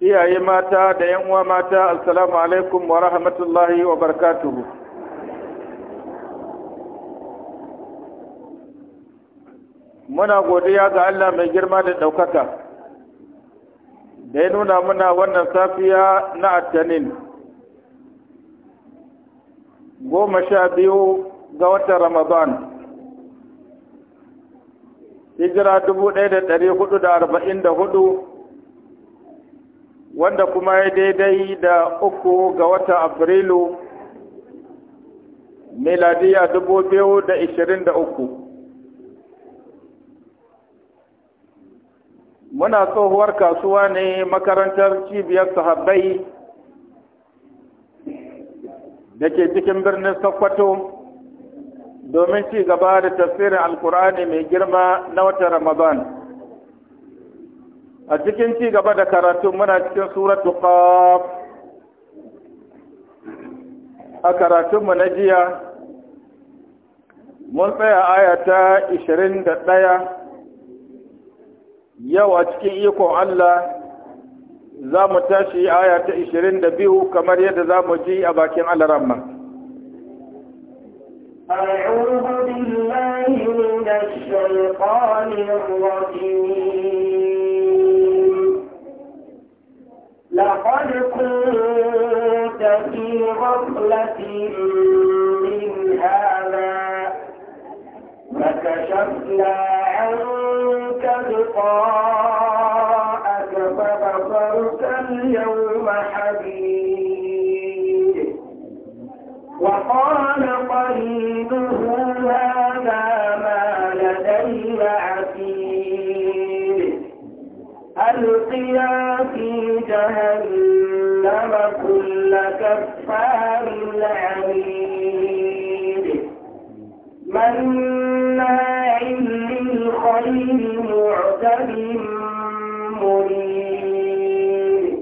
iyaye mata da yan uwa mata assalamu alaikum wa rahmatullahi wa barakatuhu muna godiya ga Allah mai girma da ɗaukaka da ya nuna muna wannan safiya na attanin goma sha biyu ga watan ramadan hijira dubu ɗaya da ɗari hudu da arba'in da hudu wanda kuma ya daidai da uku ga wata Afrilu miladiya dubu biyu da ishirin da uku. Muna tsohuwar kasuwa ne makarantar cibiyar sahabbai da ke cikin birnin Sokoto domin ci gaba da tafsirin Alkur'ani mai girma na watan Ramadan. a cikin ci gaba da karatun muna cikin suratu qaf a karatunmu na jiya mun tsaya aya ta 21 yau a cikin ikon Allah za mu tashi aya ta 22 kamar yadda za mu ji a bakin alaramma. أعوذ بالله من الشيطان الرجيم لقد كنت في غفلة من هذا فكشفنا عنك لقاءك فبصرت اليوم حبيب وقال قريبه هذا ما لدي عتيد القيا في جهنم كل كفار عنيد مناع للخير معتد مريد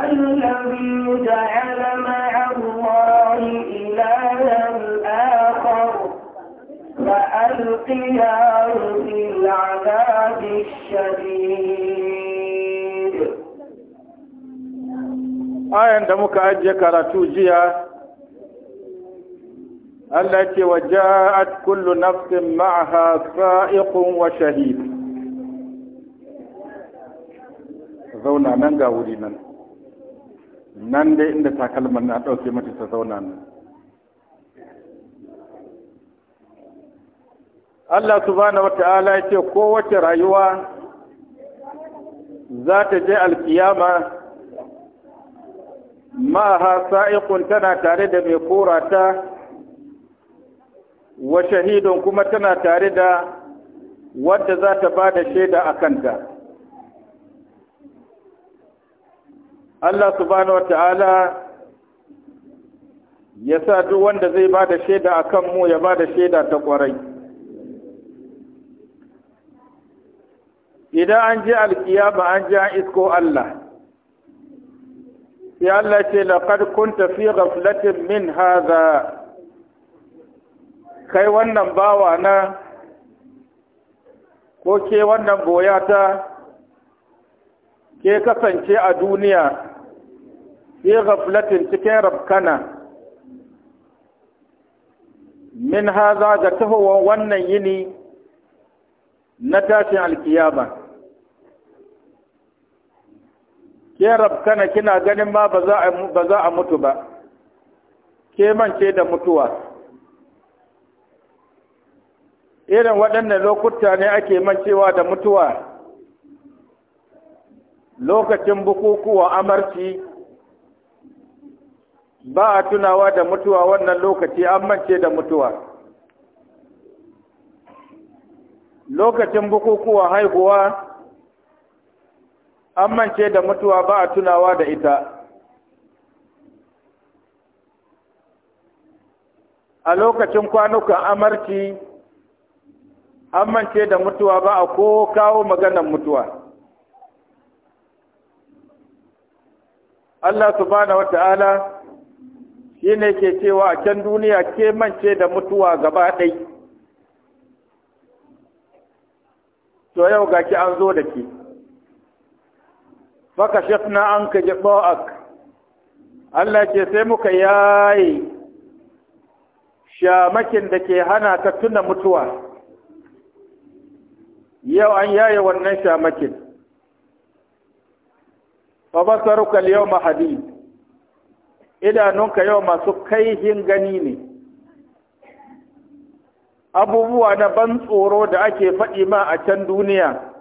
الذي جعل مع الله إلها آخر فألقياه في العذاب الشديد ayan da muka ajiye karatu jiya Allah ce wa ja'at kullu nafsin ma'aha sa'iqun wa shahid zauna nan ga wuri nan nan dai inda takalman na ɗauke mata ta zauna nan Allah subhanahu wata'ala ya ce kowace rayuwa za ta je alkiyama ma'aha sa'iqun tana tare da mai korata wa shahidun kuma tana tare da wadda za ta ba da shaida a kanta Allah subhanahu wa ta'ala ya sa duk wanda zai bada da shaida a kanmu ya ba da shaida ta ƙwarai. Idan an je alkiyama an ji an isko Allah, Yallace Allah ce laqad kunta fi ghaflatin min hadha kai wannan bawa na ko ke wannan ta, ke kasance a duniya fi ghaflatin cikin rabkana min haza ga tahowar wannan yini na tashin alkiyama ke rabkana kina ganin ma ba za a mutu ba ke mance da mutuwa irin waɗannan lokuta ne ake mancewa da mutuwa lokacin bukukuwa amarci ba a tunawa da mutuwa wannan lokaci an mance da mutuwa lokacin bukukuwa haihuwa an mance da mutuwa ba a tunawa da ita a lokacin kwanukan amarci an mance da mutuwa ba a ko kawo maganar mutuwa Allah subhanahu Ta'ala shi ne ke cewa a can duniya ke mance da mutuwa gaba ɗai to yau ga ki an zo da ke faka shafna an ka jiba'ak Allah ce sai muka yayi shamakin da ke hana ta tuna mutuwa yau an yaye wannan shamakin fa basaruka al idanunka yau masu kaihin gani ne abubuwa na ban tsoro da ake faɗi ma a can duniya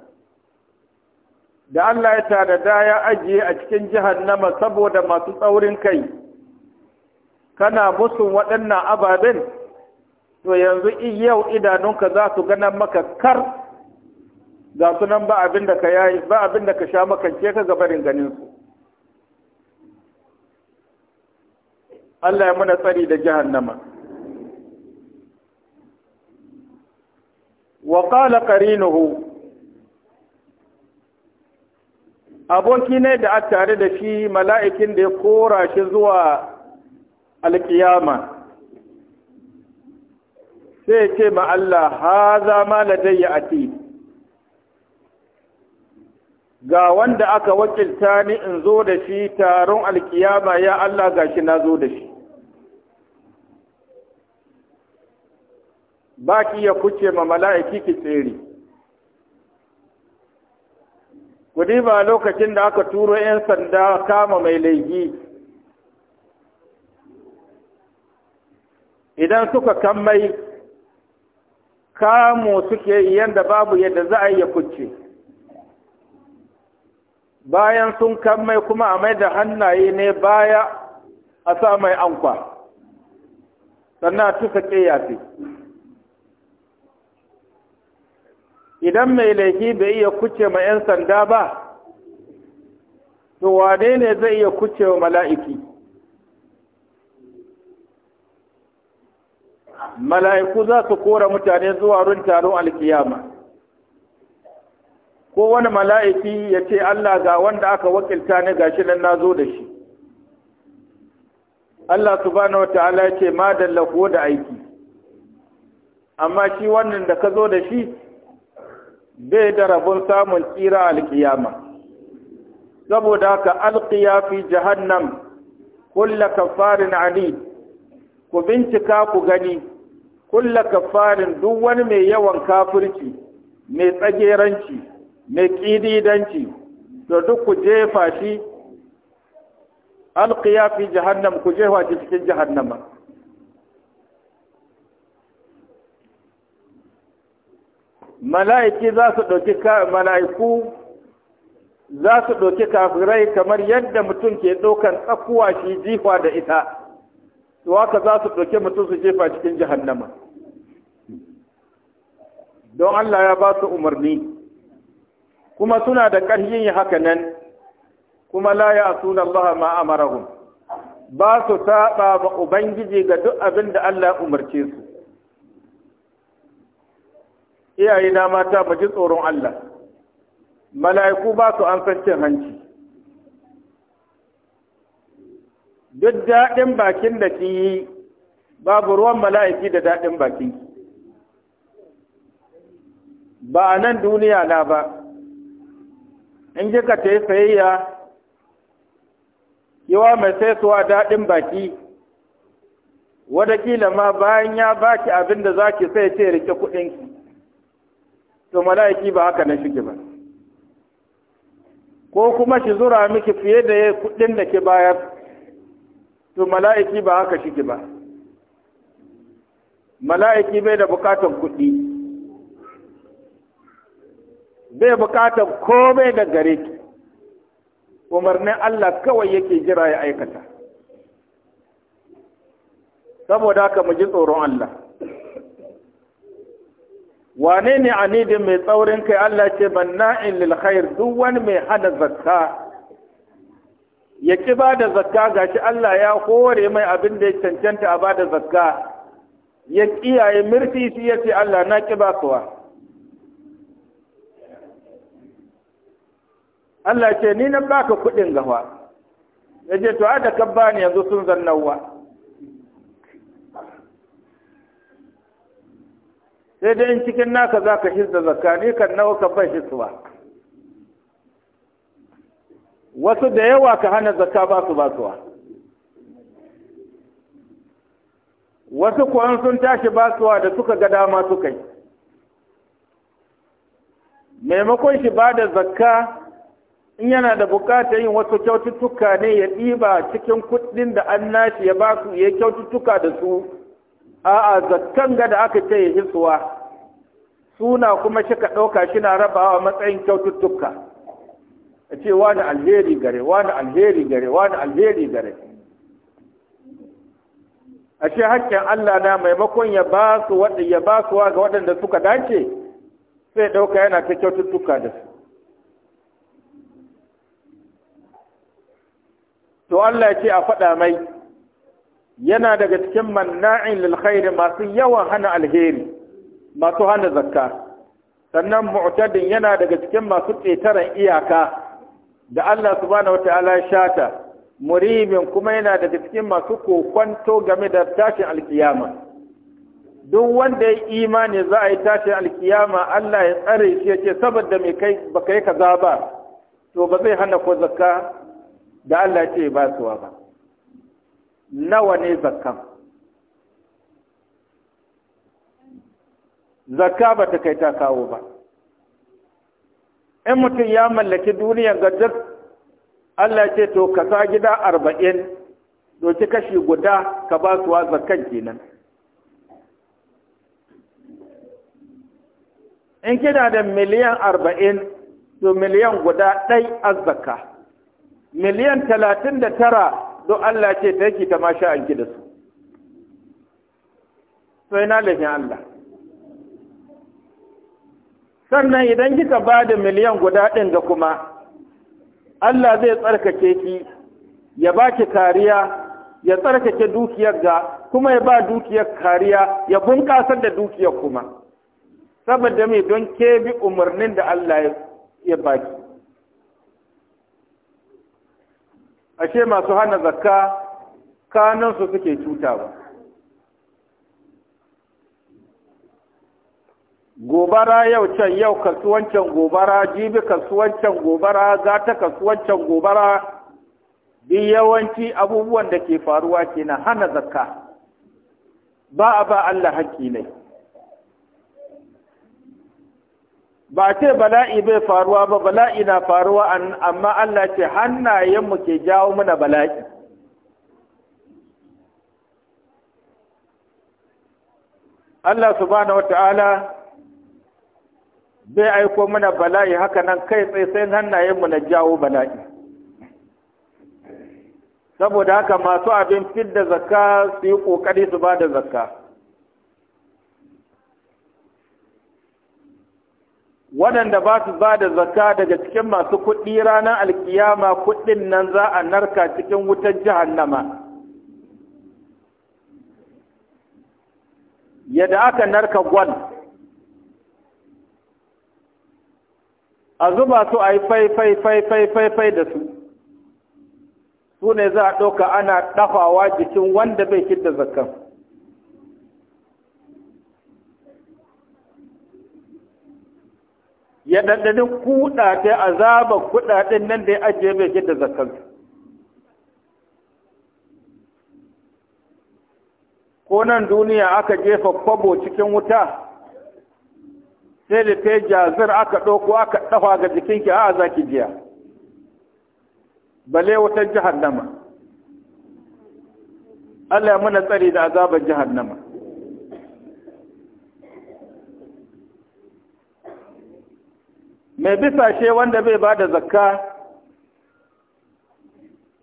da Allah ya tada ya ajiye a cikin jahannama saboda masu tsaurin kai kana musu waɗannan ababen to yanzu yau idanunka za su ganan maka kar ga sunan ba abin da ka yayi ba abin da ka sha makance ka gabarin ganin su Allah ya muna tsari da jahannama wa qala qarinuhu aboki ne da a tare da shi mala'ikin da ya kora shi zuwa alkiyama sai ce ma Allah haza ma ladayya ati ga wanda aka wakilta ni in zo da shi taron alkiyama ya Allah gashi na zo da shi baki ya kuce ma mala'iki ki tsere kudi ba lokacin da aka turo 'yan sanda kama mai laifi idan suka kammai kamo suke yi yadda babu yadda za a yi ya bayan sun kammai kuma a mai da hannaye ne baya a sa mai ankwa sannan a tusa yafi idan mai laifi bai iya kuce ma 'yan sanda ba to wane ne zai iya kuce wa mala'iki mala'iku za su kora mutane zuwa run taron alkiyama ko wani mala'iki ya ce Allah ga wanda aka wakilta ni gashi nan na zo da shi Allah subhanahu wa ta'ala ya ce ma da aiki amma shi wannan da ka zo da shi bai da rabon samun tsira alkiyama saboda ka alkiya fi jahannam kulla kafarin ani ku bincika ku gani kulla kafarin duk wani mai yawan kafirci mai tsageranci mai ƙididanci to duk ku jefa shi alkiya fi jahannam ku jefa shi cikin jahannama mala'iki za su ɗauki mala'iku za su ɗauki kafirai kamar yadda mutum ke ɗaukan tsakuwa shi jifa da ita su haka za su ɗauki mutum su jefa cikin jahannama don Allah ya ba su umarni kuma suna da ƙarfin yi haka nan kuma la ya suna Allah ma amarahum ba su taɓa ba ubangiji ga duk abin da Allah umarce su iyaye na mata mu ji tsoron Allah mala'iku ba su an san cin hanci duk daɗin bakin da ki yi babu ruwan mala'iki da daɗin bakin ki ba a nan duniya na ba in kika ta yi sayayya yawa mai saisuwa daɗin baki wadakila ma bayan ya baki abinda zaki za ki sai ce rike kuɗinki to mala'iki ba haka nan shige ba ko kuma shi zura miki fiye da ya kudin da ke bayar to mala'iki ba haka shige ba mala'iki bai da bukatan kuɗi bai bukatan komai da gare ki umarnin Allah kawai yake jira ya aikata saboda haka mu ji tsoron Allah wane ne anidin mai tsaurin kai Allah ce banna'in lil khair duk wani mai hana zakka ya ki ba da zakka gashi Allah ya kore mai abin da ya cancanta a ba da zakka ya kiyaye mirti shi ya ce Allah na ki ba kuwa Allah ce ni na baka kuɗin gawa ya ce to a da ka bani yanzu sun zannawa sai dai in cikin naka za ka shidda zakka ni kan nawa ka bai hisuwa wasu da yawa ka hana zakka ba su ba suwa wasu kuwa sun tashi ba suwa da suka ga dama suka yi maimakon shi ba da zakka in yana da bukatar yin wasu kyaututtuka ne ya ɗiba cikin kuɗin da an nashi ya ba su ya kyaututtuka da su a'a zakkan ga da aka ce ya hisuwa suna kuma shi ka ɗauka shi na rabawa matsayin kyaututtuka a ce wani alheri gare wani alheri gare wani alheri gare a ce hakkin Allah na maimakon ya ba su wa ya ba su ga waɗanda suka dace sai ɗauka yana ta kyaututtuka da su to Allah ya ce a faɗa mai yana daga cikin manna'in lil masu yawan hana alheri masu hana zakka sannan mu'tadin yana daga cikin masu ƙetaren iyaka da Allah subhanahu wata'ala ya shata muribin kuma yana daga cikin masu kokwanto game da tashin alkiyama duk wanda ya imani za a yi tashin alkiyama Allah ya tsare shi ya ce saboda mai kai baka yi kaza ba to ba zai hana ko zakka da Allah ya ce ba suwa ba nawa ne zakkan zakka ba ta kai ta kawo ba in mutum ya mallaki duniyan ga duk Allah ce to ka sa gida arba'in doki kashi guda ka ba suwa zakkan kenan in kina da miliyan arba'in to miliyan guda ɗai azzaka miliyan talatin da tara do Allah ce ta yake ta ma sha'anki da su sai na lafin Allah sannan idan kika ba da miliyan guda ɗin ga kuma Allah zai tsarkake ki ya ba ki kariya ya tsarkake dukiyar ga kuma ya ba dukiyar kariya ya bunƙasar da dukiyar kuma saboda mai don ke bi umarnin da Allah ya baki ashe masu hana zakka kanansu suke cuta ba. gobara yau can yau kasuwancin gobara jibi kasuwancin gobara gata kasuwancin gobara bi yawanci abubuwan da ke faruwa ke na hana zakka ba a ba Allah haƙƙi ne ba ce bala'i bai faruwa ba bala'i na faruwa amma Allah ce hannayenmu ke jawo mana bala'i Allah subhanahu wa ta'ala zai aiko mana bala'i haka nan kai tsaye sai mu na jawo bala'i saboda haka masu abin fidda zakka su yi ƙoƙari su ba da zakka waɗanda ba su ba da zakka daga cikin masu kuɗi ranar alkiyama kuɗin nan za a narka cikin wutar jahannama yadda aka narka gwal a zuba su a yi fai fai fai da su su ne za a ɗauka ana ɗafawa jikin wanda bai kidda zakar. ya ɗanɗani kuɗaɗe azabar kuɗaɗen nan da ya ajiye bai kidda zakar. ko nan duniya aka jefa kwabo cikin wuta sai da ta yi jazir aka ɗauko aka ɗafa ga jikinki a za ki jiya bale wata nama. Allah ya muna tsari da azabar nama mai bisashe wanda bai ba da zakka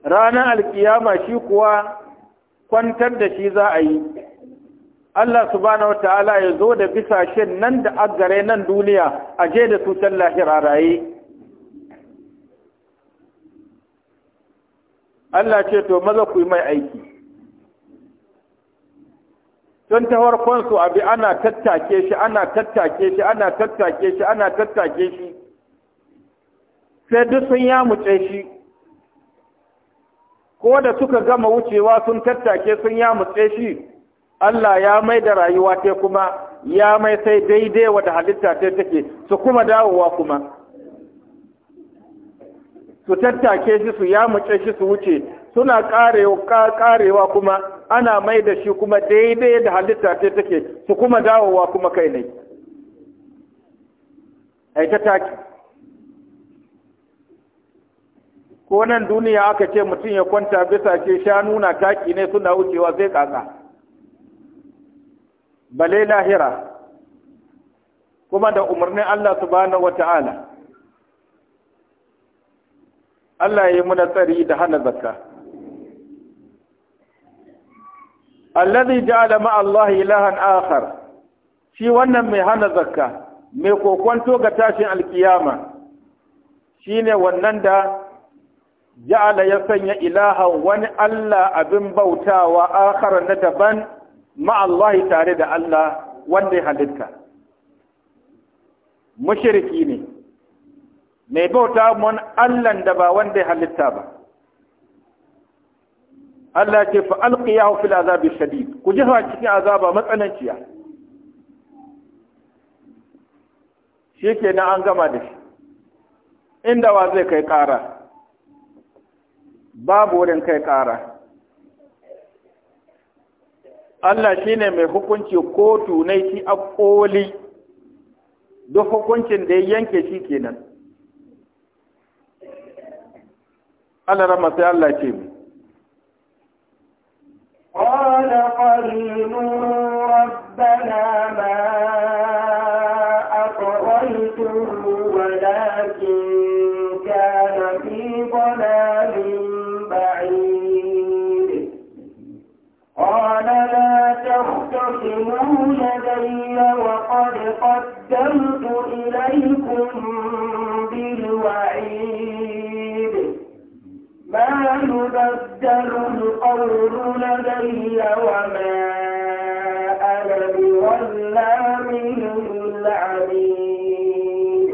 ranar alkiyama shi kuwa kwantar da shi za a yi Allah subhanahu ta'ala ya zo da bisashen nan da agare nan duniya a je da su lahira raye Allah ce to maza ku yi mai aiki don ta farkonsu abi ana tattake shi ana tattake shi ana tattake shi ana tattake shi sai duk sun yamuce shi ko da suka gama wucewa sun tattake sun yamuce shi Allah ya mai da rayuwa ta kuma ya mai sai daidai wata halitta ta take su kuma dawowa kuma su tattake shi su yamuce shi su wuce suna karewa kuma ana mai da shi kuma daidai da halitta ta take su kuma dawowa kuma kai ne ai ta taki ko nan duniya aka ce mutum ya kwanta bisa ce shanu na taki ne suna wucewa zai kaka bale lahira kuma da umarnin Allah subhanahu wata'ala Allah ya yi muna tsari da hana zakka allazi ja'ala ma Allah ilahan akhar shi wannan mai hana zakka mai kokonto ga tashin alkiyama shine wannan da ja'ala ya sanya ilahan wani Allah abin bautawa akhar na daban ma'allahi tare da Allah wanda ya halitta mushriki ne mai bauta mun Allahn da ba wanda ya halitta ba Allah ce fa alqiyahu fil azabi shadid ku jefa cikin azaba matsananciya shikenan an gama da shi inda wa zai kai ƙara babu wurin kai ƙara Allah ne mai hukunci kotu na shi a koli duk hukuncin da ya yanke shi kenan Allah rama sai Allah ce mu قال قد أرسلت إليكم بالوعيد ما يبدل القول لدي وما أنا بولى من العبيد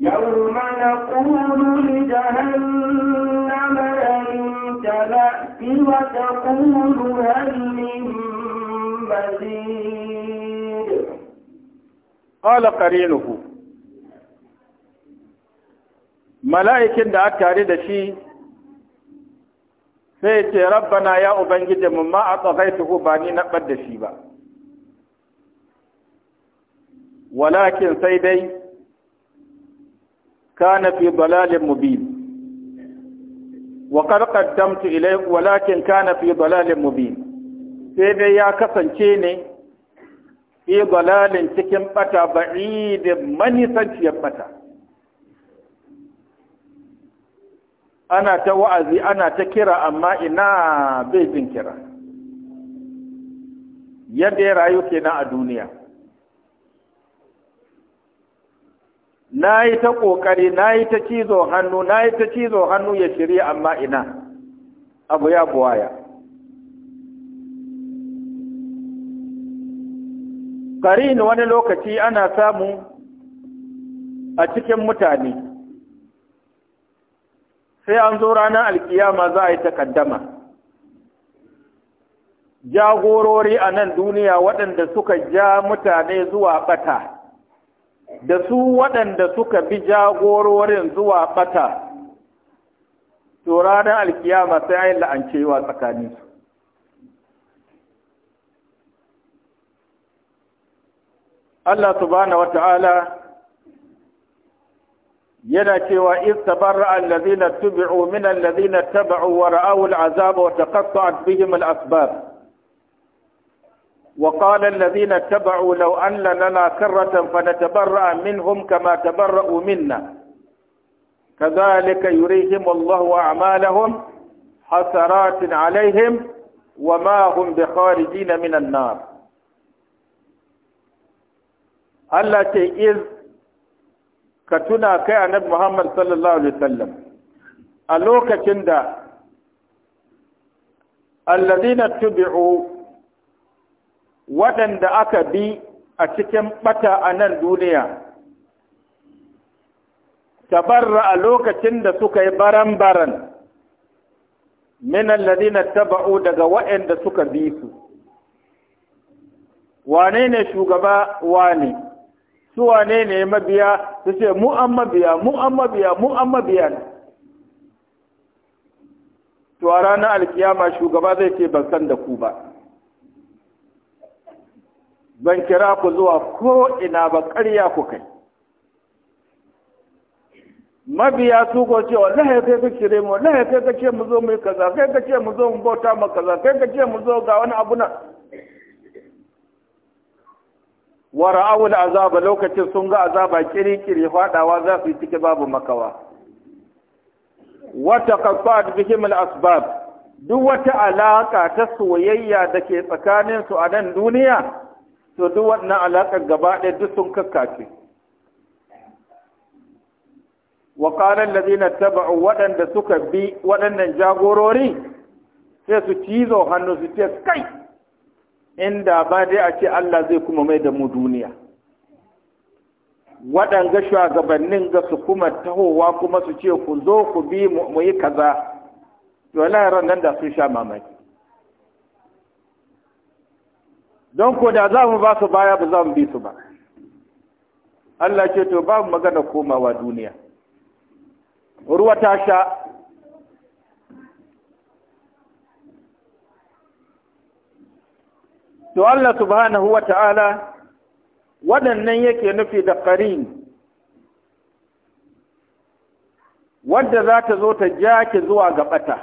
يوم نقول لجهنم إن تبأت وتقول هل من مزيد qala qarinuhu mala'ikin da aka tare da shi sai ce rabbana ya ubangiji mun ma a tsagaituhu ba ni na da shi ba walakin sai dai kana fi dalalin mubin wa qad qaddamtu ilayhi walakin kana fi dalalin mubin sai dai ya kasance ne fi dalalin cikin bata da manisanciyar bata ana ta wa'azi ana ta kira amma ina bai jin kira yadda ya rayu kenan a duniya na yi ta ƙoƙari na yi ta cizo hannu na yi ta cizo hannu ya shirya amma ina abu ya buwaya karin wani lokaci ana samu a cikin mutane sai an zo ranar alkiyama za a yi takaddama jagorori a nan duniya waɗanda suka ja mutane zuwa ɓata da su waɗanda suka bi jagororin zuwa ɓata to ranar alkiyama sai a yi la'ancewa tsakaninsu Allah subhanahu wata'ala yana cewa iz tabarra allazina tubi'u min allazina taba'u wa ra'aw al'azaba wa taqatta'at bihim al'asbab وقال الذين اتبعوا لو أن لنا كرة فنتبرأ منهم كما تبرأوا منا كذلك يريهم الله أعمالهم حسرات عليهم وما هم بخارجين من النار Allah ce iz ka tuna kai annabi Muhammad sallallahu alaihi wasallam a lokacin da alladhina tubi'u waɗanda aka bi a cikin bata a nan duniya tabarra a lokacin da suka yi baran-baran min alladhina taba'u daga waɗanda suka bi su wane ne shugaba wane su ne ne mabiya su ce mu an mabiya mu an mabiya mu an mabiya ne to a ranar alkiyama shugaba zai ce ban san da ku ba ban kira ku zuwa ko ina ba ƙarya ku kai mabiya su ko ce wallahi kai ka kire mu wallahi kai ka ce mu zo mu yi kaza kai ka ce mu zo mu bauta mu kaza kai ka ce mu zo ga wani abu na wa ra'awul azaba lokacin sun ga azaba kirikiri fadawa za su yi cike babu makawa Wata taqaffat bihim al-asbab duk wata alaka ta soyayya da ke tsakanin su a nan duniya to duk wannan alakar gaba ɗaya duk sun kakkace wa qala alladhina tabu waɗanda suka bi waɗannan jagorori sai su cizo hannu su ce kai inda ba dai a ce Allah zai kuma mai da mu duniya waɗanga shugabannin ga su kuma tahowa kuma su ce ku zo ku bi mu yi kaza wala ran nan da sun sha mamaki don ko da za mu ba su baya ba za mu bi su ba Allah ce to babu magana komawa duniya ruwa ta sha to Allah subhanahu wa ta'ala waɗannan yake nufi da ƙarin wadda za ta zo ta ja zuwa ga ɓata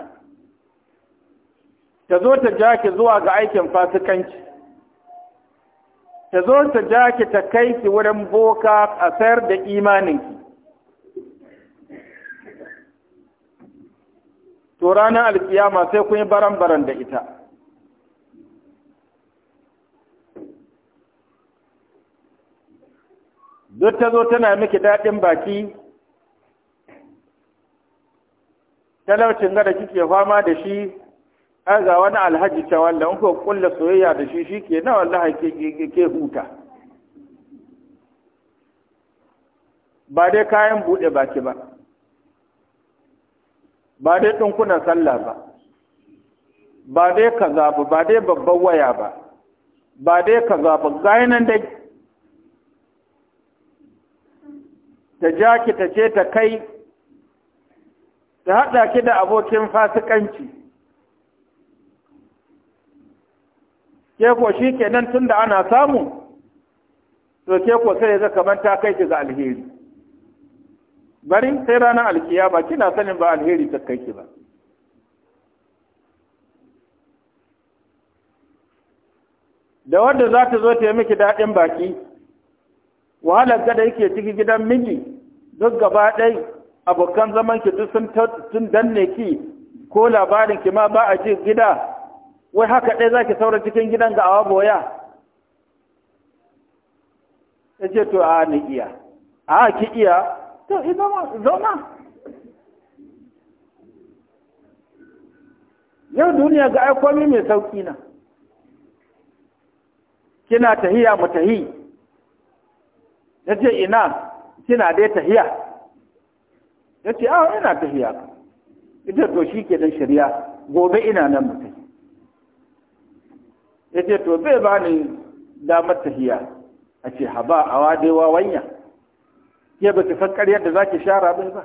ta zo ta ja zuwa ga aikin fasikanci ta zo ta ja ta kai ki wurin boka a sayar da imaninki to ranar alkiyama sai kun yi baran-baran da ita duk ta zo tana miki daɗin baki talaucin gada kike fama da shi har ga wani alhaji ta wallan in ko kulla soyayya da shi shi ke nawa ke ke huta ba dai kayan bude baki ba ba dai ɗunkunan sallah ba ba dai ka ba ba dai babban waya ba ba dai ka ba ga nan dai ta ja ki ta ce ta kai ta haɗa ki da abokin fasikanci ke ko shi kenan tun da ana samu to ke ko sai zaka manta kai ki ga alheri bari sai ranar alkiyama kina sanin ba alheri ta kai ki ba da wanda za zo ta yi miki daɗin baki wahalar gada yake ciki gidan miji duk gaba ɗai abokan zaman ki duk sun danne ki ko labarin ki ma ba a ji gida wai haka ɗai za ki saura cikin gidan ga awa boya ya ce to a ni iya a ki iya to ina zama yau duniya ga aikomi mai sauƙi na kina tahiya mu tahi ya ce ina kina dai tahiya ya ce a ah, ina tahiya ita to shi ke da shari'a gobe ina nan mutum ya ce to bai ba ni damar tahiya a ce haba a wadewa wanya ke ba ki san karyar da za ki shara bai ba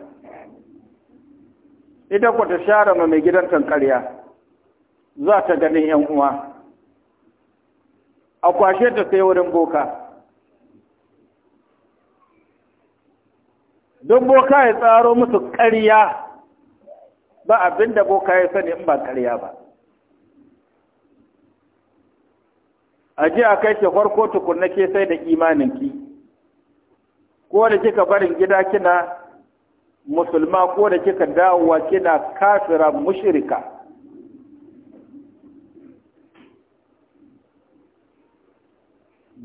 Idan ku ta share ma mai gidan karya za ta ganin yan uwa a kwashe ta sai wurin boka don boka ya tsaro musu ƙarya ba abin da boka ya sani in ba ƙarya ba a ji a kai ke farko tukunna ke sai da imaninki ko da kika barin gida kina musulma ko da kika dawowa kina kafira mushrika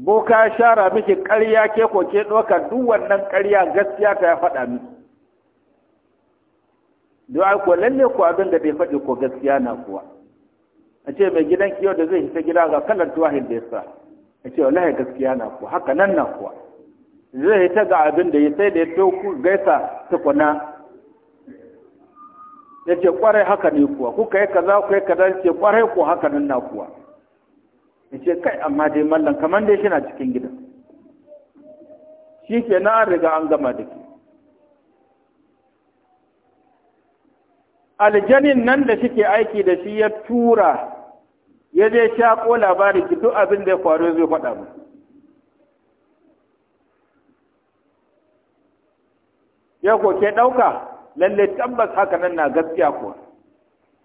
boka ya shara miki ƙarya ke ko ke ɗauka duk wannan ƙarya gaskiya ta ya faɗa miki don ko lalle ko abin da bai faɗi ko gaskiya na kuwa a ce mai gidan ki yau da zai hita gida ga kalar tuwahin da ya sa a ce wallahi gaskiya na kuwa haka nan na kuwa zai hita ga abin da ya sai da ya to gaisa tukuna ya ce kwarai haka ne kuwa kuka yi kaza kuka yi kaza ce kwarai ko haka nan na kuwa ce kai amma dai mallan kamar dai shina cikin gida shi ke na riga an gama da ke aljanin nan da shike aiki da shi ya tura ya zai shaƙo labari ki duk abin da ya faru zai faɗa mu ya ke ɗauka lalle tabbas haka nan na gaskiya kuwa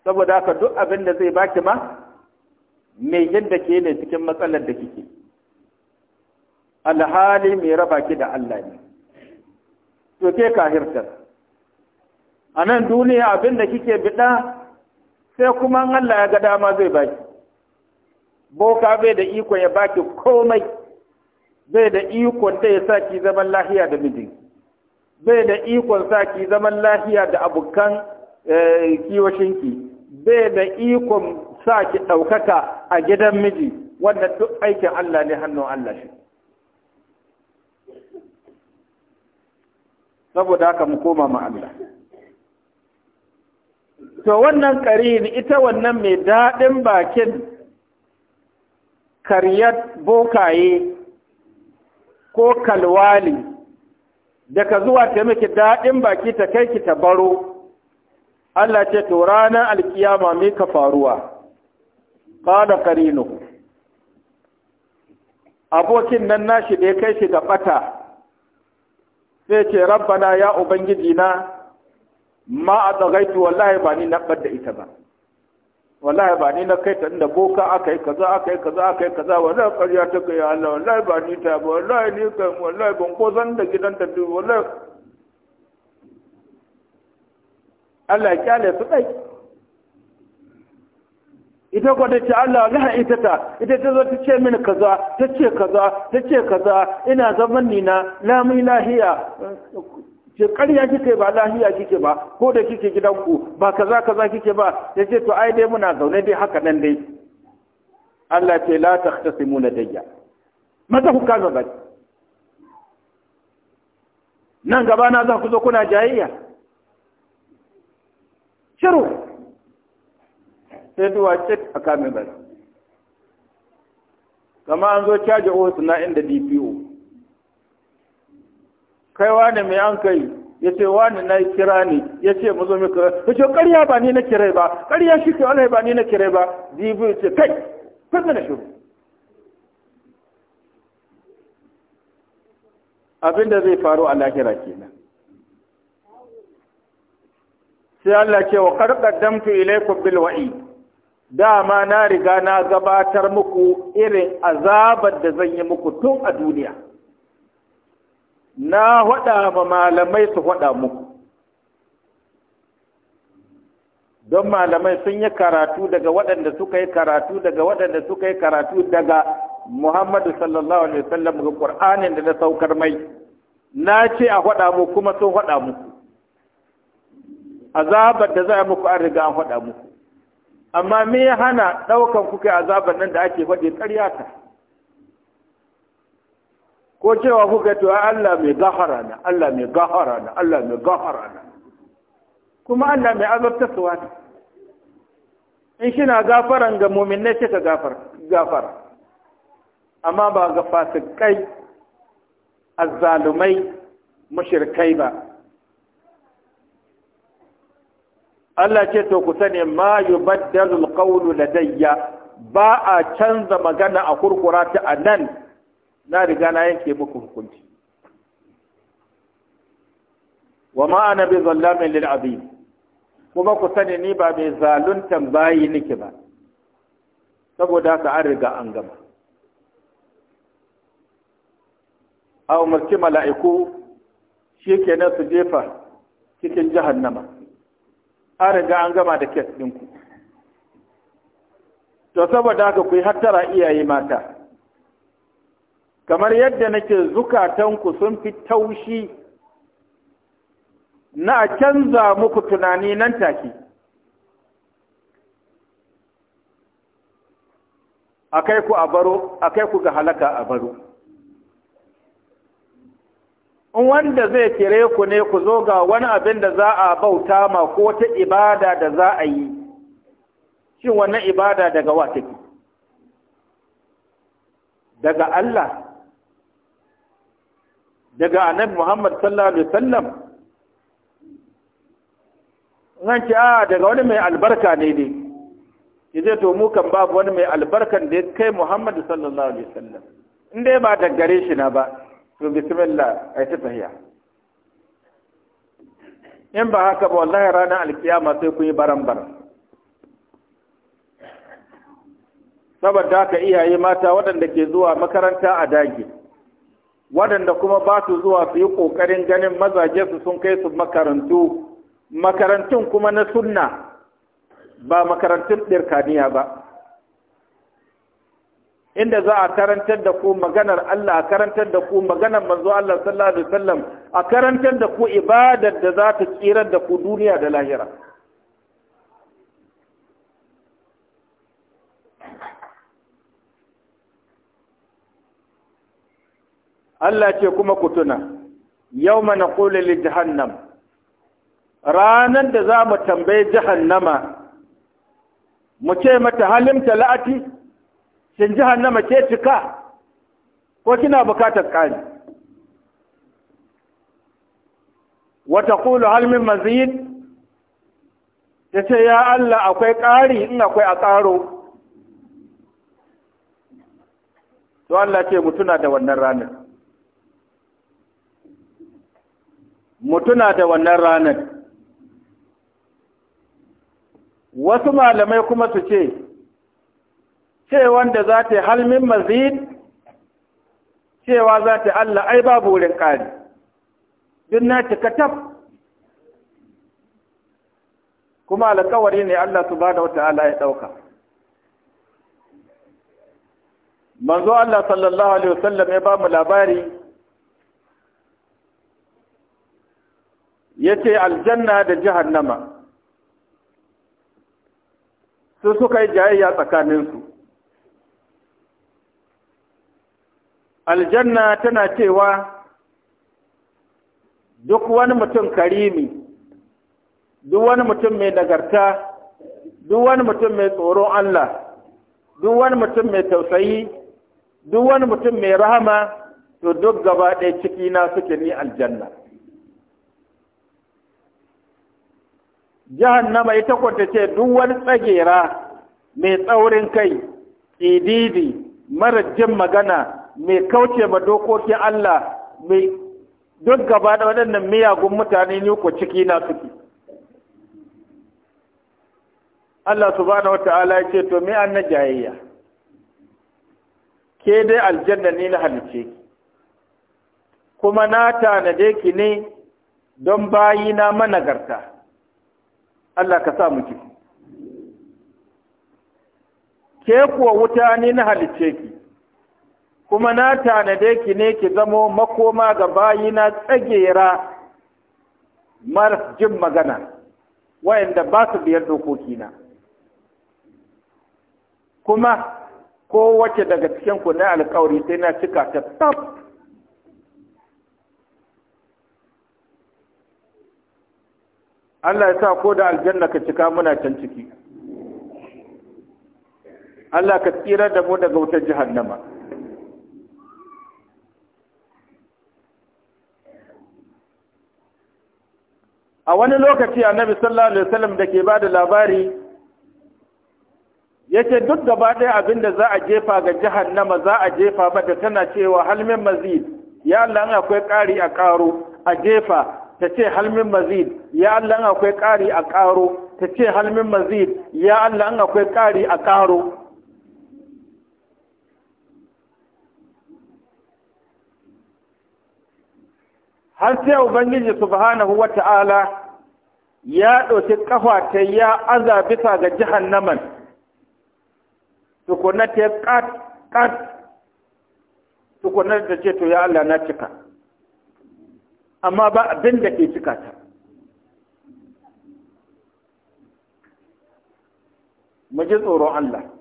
saboda haka duk abin da zai baki ma mai yadda ke ne cikin matsalar da kike alhali mai raba ki da Allah ne to ke kahirtar a nan duniya abin da kike bida sai kuma Allah ya ga dama zai baki boka bai da iko ya baki komai bai da ikon da ya saki zaman lahiya da mijin bai da ikon saki zaman lahiya da abokan eh, kiwashinki bai da ikon sa ki ɗaukaka a gidan miji wannan duk aikin Allah ne hannun Allah shi saboda haka mu koma ma Allah to wannan karin ita wannan mai daɗin bakin karyar bokaye ko kalwali daga zuwa ta miki daɗin baki ta kai ki ta baro Allah ce to ranar alkiyama me ka faruwa qala qarinuhu abokin nan nashi da ya kai shi ga bata sai ce rabbana ya ubangiji na ma a tsagaitu wallahi ba ni na da ita ba wallahi ba ni na kai ta inda boka aka yi kaza aka yi kaza aka yi kaza wallahi ƙarya ta kai Allah wallahi ba ni ta ba wallahi ni kai wallahi ban ko san da gidan ta duk wallahi Allah ya kyale su dai ita kwata ce Allah laha ita ta ita ta zo ta ce mini kaza ta ce kaza ta ce kaza ina zaman ni na lamun lahiya ce ƙarya kike ba lahiya kike ba ko da kike gidanku ba kaza kaza kike ba ya ce to ai dai muna zaune dai haka nan dai Allah ce la tahtasimu ladayya mata ku kaza ba nan gaba na za ku zo kuna jayayya shiru sai duwa ce a kamin bari kama an zo caji ofis na inda dpo kai wani mai an kai ya ce wani na kira ne ya ce mu zo mai kira ya ce ƙarya ba ni na kira ba ƙarya shi ke wani ba ni na kira ba dpo ce kai kan na shiru abinda zai faru a lahira kenan sai Allah ce wa qad qaddamtu ilaykum bil wa'id dama na riga na gabatar muku irin azabar da zan yi muku tun a duniya na haɗa ma malamai su haɗa muku don malamai sun yi karatu daga waɗanda suka yi karatu daga waɗanda suka yi karatu daga muhammadu sallallahu alaihi wasallam ga ƙur'anin da na saukar mai na ce a haɗa mu kuma sun haɗa muku azabar da za a muku an riga an haɗa muku amma me ya hana ɗaukan kuka azaban nan da ake faɗi ƙarya ta ko cewa kuka to Allah mai gahara na Allah mai gahara na Allah mai gahara na kuma Allah mai azabtarwa ne in shi na gafaran ga muminai sai ka gafar gafar amma ba ga fasikai azzalumai mushrikai ba Allah ce to ku sani ma yubaddalu alqawlu ladayya ba a canza magana a kurkura ta a nan na riga na yanke muku hukunci wa ma ana bi zallamin lil abid kuma ku sani ni ba mai zaluntan bayi nake ba saboda haka an riga an gama a umarci mala'iku shi kenan su jefa cikin jahannama an riga an gama da kes ɗinku to saboda haka ku yi hattara iyaye mata kamar yadda nake zukatanku sun fi taushi na canza muku tunani nan take akai ku a baro akai ku ga halaka a baro in wanda zai kire ku ne ku zo ga wani abin da za a bauta ma ko ta ibada da za a yi shin wannan ibada daga wa take daga Allah daga annabi Muhammad sallallahu alaihi wasallam zan ce a ah, daga wani mai albarka ne ne ki zai to mu kan babu wani mai albarkan da ya kai Muhammad sallallahu alaihi wasallam in dai ba daggare shi na ba to bismillah ai ta in ba haka ba wallahi ranar alkiyama sai ku yi barambar saboda haka iyaye mata waɗanda ke zuwa makaranta a dage waɗanda kuma ba su zuwa su yi ƙoƙarin ganin mazaje su sun kai su makarantu makarantun kuma na sunna ba makarantun ɗirkaniya ba inda za a karantar da ku maganar Allah a karantar da ku maganar manzo Allah sallallahu alaihi wasallam a karantar da ku ibadar da za ta tsirar da ku duniya da lahira Allah ce kuma ku tuna yawma naqulu li jahannam ranan da za mu tambaye jahannama mu ce mata halimta la'ati shin jahannama ke cika ko kina bukatar ƙari wata kulu halmin mazid ta ce ya Allah akwai ƙari in akwai a ƙaro to Allah ce mutuna da wannan ranar mutuna da wannan ranar wasu malamai kuma su ce ce wanda za ta yi halmin mazid cewa za ta Allah ai babu wurin ƙari duk na cika kuma alkawari ne Allah subhanahu wata'ala ya ɗauka manzo Allah sallallahu alaihi wasallam ya ba mu labari yace aljanna da nama. su suka yi jayayya tsakaninsu aljanna tana cewa duk wani mutum karimi duk wani mutum mai nagarta duk wani mutum mai tsoron Allah duk wani mutum mai tausayi duk wani mutum mai rahama to duk gaba ɗaya ciki na suke ni aljanna jahannama ita kwanta ce duk wani tsagera mai tsaurin kai ididi mara jin magana mai kauce ma dokokin Allah mai duk gaba da waɗannan miyagun mutane ni ko ciki na suke Allah subhanahu wata'ala ya ce to me an na jayayya ke dai aljanna ne na halice kuma na tanade ki ne don bayi na managarta Allah ka sa mu ciki ke kuwa wuta ne na halice ki kuma na tanade ki ne ki zamo makoma ga bayina tsagera maras jin magana wayanda ba su biyar dokokina kuma kowace daga cikin ku na alkawari sai na cika ta tab Allah ya sa ko da aljanna ka cika muna can ciki Allah ka tsira da mu daga wutar jahannama. a wani lokaci annabi sallallahu alaihi wasallam da ke bada labari yace duk gaba ɗaya abin da za a jefa ga jahannama za a jefa ba da tana cewa halmin mazid ya Allah in akwai ƙari a ƙaro a jefa ta ce halmin mazid ya Allah in akwai ƙari a ƙaro ta ce halmin mazid ya Allah in akwai ƙari a ƙaro har sai ubangiji subhanahu wata'ala ya ɗauki ƙafa ta ya aza bisa ga jahannaman na ta kat kat na ta ce to ya Allah na cika amma ba abin da ke cika ta mu ji tsoron Allah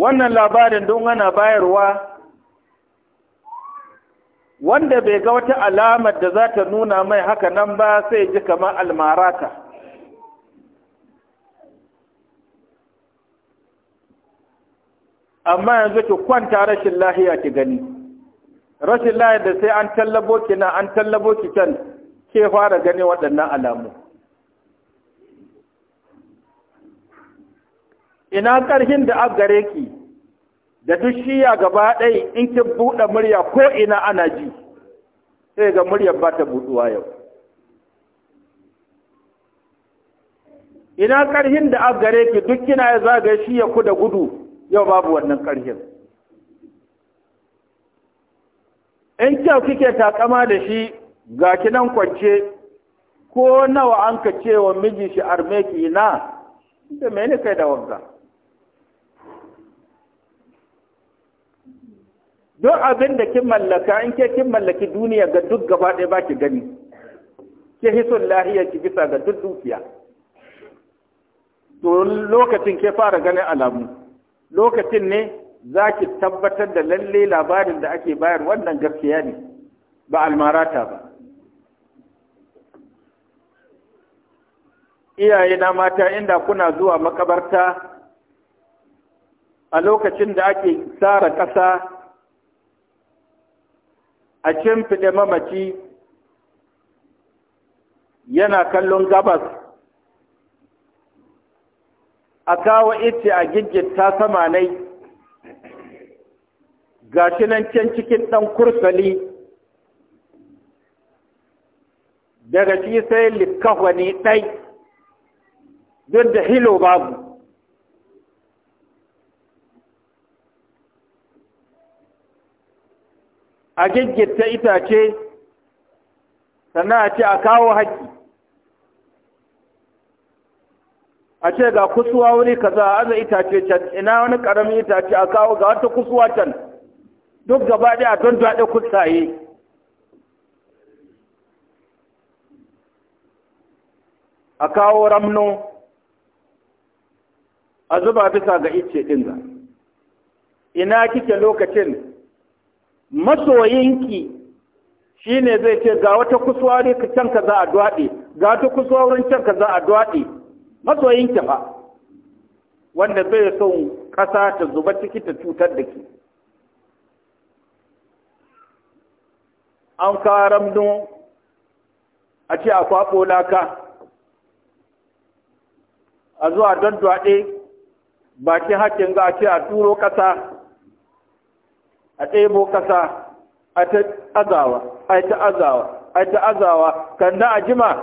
wannan labarin don ana bayarwa wanda bai ga wata alamar da za ta nuna mai haka nan ba sai ji kamar almarata amma yanzu ki kwanta rashin lahiya ki gani rashin lahiya da sai an tallabo ki na an tallabo ki can ke fara gani waɗannan alamu ina ƙarhin da aka gare ki da duk shiya gaba ɗai in ki buɗe murya ko ina ana ji sai ga muryar ba ta buɗuwa yau ina ƙarhin da aka gare ki duk kina ya zagaye shiya ku da gudu yau babu wannan ƙarhin in kyau kike takama da shi ga kinan kwance ko nawa an ka ce wa miji shi arme ki na da mene kai da wanka. duk abin da kin mallaka in ke kin mallaki duniya ga duk gaba ɗaya ba ki gani ke hisun lahiyar ki bisa ga duk dukiya to lokacin ke fara ganin alamu lokacin ne za ki tabbatar da lalle labarin da ake bayar wannan gaskiya ne ba almarata ba iyaye na mata inda kuna zuwa makabarta a lokacin da ake tsara ƙasa a cimfide mamaci yana kallon gabas a kawo ice a ta sama nai shi nan can cikin ɗan kursali daga shi sai likahwani ɗai duk da hilo babu a giggita itace sannan a ce a kawo haƙƙi a ce ga kusuwa wuri kaza a aza itace can ina wani ƙaramin itace a kawo ga wata kusuwa can duk gaba ɗaya a don daɗe kusaye a kawo ramno a zuba bisa ga ice ɗin ina kike lokacin masoyinki shi ne zai ce ga wata kusuwa ne can ka za a duwaɗe ga wata kusuwa wurin can ka za a duwaɗe masoyinki ba wanda zai son ƙasa ta zuba ciki ta cutar da ke an karam don a ce a kwaɓo laka a zuwa don duwaɗe ce hakin ga a ce a turo ƙasa a ɗebo ƙasa a ta azawa a ta azawa a ta azawa kan da a jima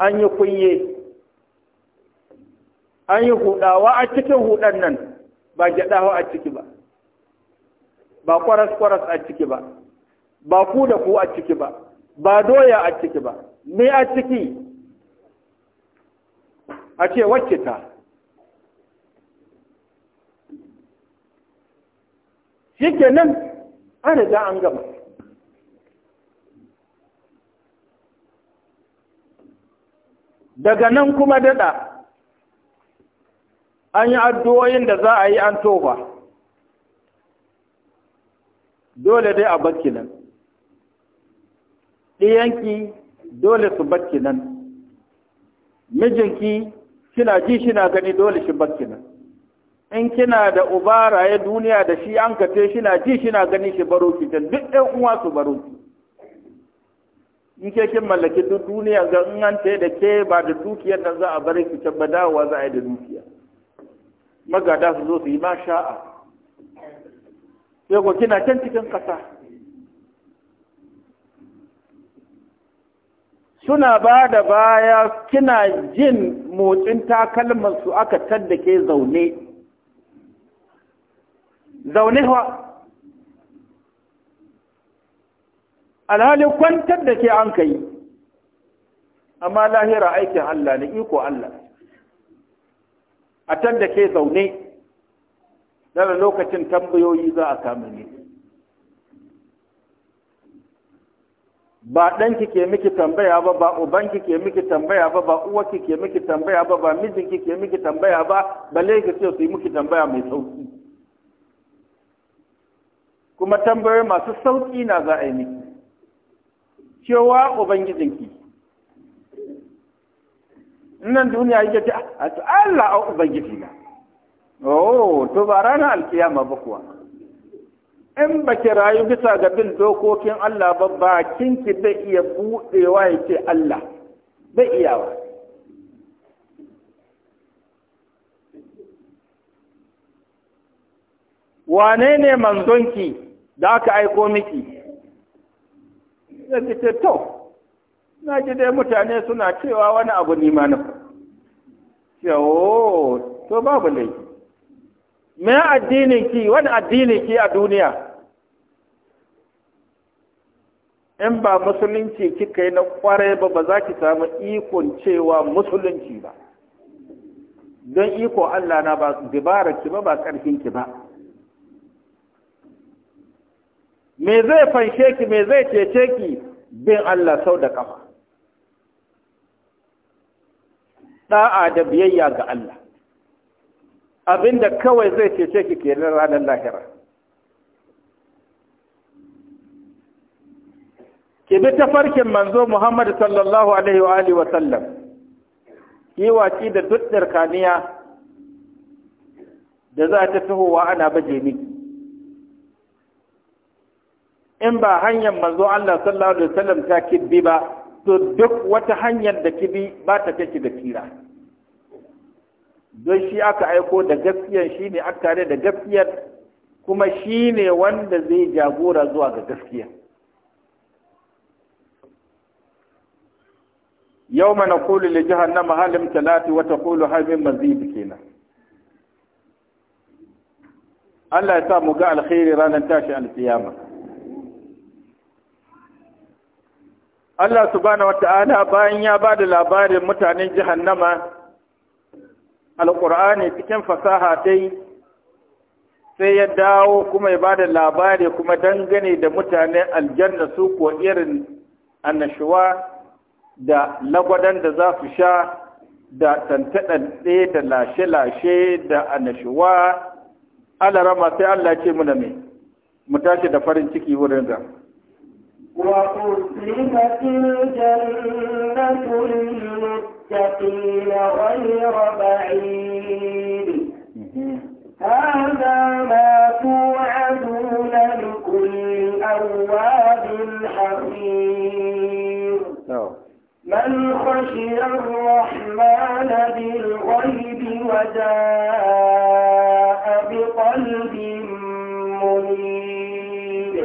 an yi kunye an yi hudawa a cikin hudan nan ba gyaɗawa a ciki ba ba kwaras-kwaras a ciki ba ba ku da ku a ciki ba ba doya a ciki ba me a ciki a ce wacce ta shi kenan an riga an gama daga nan kuma daɗa an yi addu'o'in da za a yi an toba dole dai a bakki nan ɗiyanki dole su bakki nan mijinki na ji na gani dole shi bakki nan in kina da ubara ya duniya da shi an kace shi na ji shi na gani shi baro ki can duk ɗan uwa su baro ki in ke kin mallaki duk duniya ga in an ce da ke ba da dukiyar da za a bar ki can ba za a yi da dukiya magada su zo su yi ma sha'a sai ko kina can cikin kasa suna ba da baya kina jin motsin takalmansu aka tadda ke zaune zaune wa alhali kwantar da ke an kai amma lahira aikin Allah ne iko Allah a can da ke zaune dara lokacin tambayoyi za a kama ne ba ɗanki ke miki tambaya ba ba ubanki ke miki tambaya ba ba uwaki ke miki tambaya ba ba mijinki ke miki tambaya ba balle ki ce su yi miki tambaya mai sauki kuma tambayoyi masu sauƙi na za a yi miki cewa ubangijinki nan duniya yake ah, ta Allah a oh, ubangiji oh to ba ranar alkiyama ba kuwa in ba ki rayu bisa ga bin dokokin Allah ba bakin ki bai iya buɗewa ya ce Allah bai iyawa wane ne manzonki da aka aiko miki zai ce to na ji dai mutane suna cewa wani abu ne ma na yawo oh, to babu laifi me addinin ki wani addinin ki a duniya in ba musulunci kika yi na kwarai ba ba za ki samu ikon cewa musulunci ba don iko Allah na ba dibara ki ba ba ƙarfin ki ba me zai fanshe ki me zai cece ki bin Allah sau da kafa da'a da biyayya ga Allah abinda kawai zai cece ki kenan ranar lahira ki bi ta farkin manzo Muhammad sallallahu alaihi wa alihi wa sallam ki da duk tsirkaniya da za ta tahowa ana baje miki in ba hanyar manzo Allah sallallahu alaihi wasallam ta kibbi ba to duk wata hanyar da kibi ba ta take da tira don shi aka aiko da gaskiyar shi ne aka tare da gaskiyar kuma shi ne wanda zai jagora zuwa ga gaskiya yau mana kulu li jahannama halim talati wata kulu halmin mazid kenan Allah ya sa mu ga alkhairi ranar tashi alkiyama Allah subhanahu wata'ala bayan ya ba da labarin mutanen nama alƙur'ani cikin fasaha dai sai ya dawo kuma ya ba da labari kuma dangane da mutanen aljanna su ko irin annashuwa da lagwadan da za su sha da tantaɗaɗe da lashe-lashe da annashuwa alarama sai Allah ce muna mai mu tashi da farin ciki wurin ga. وأزلفت الجنة للمتقين غير بعيد هذا ما توعدون لكل أواب حقير من خشي الرحمن بالغيب وجاء بقلب منيب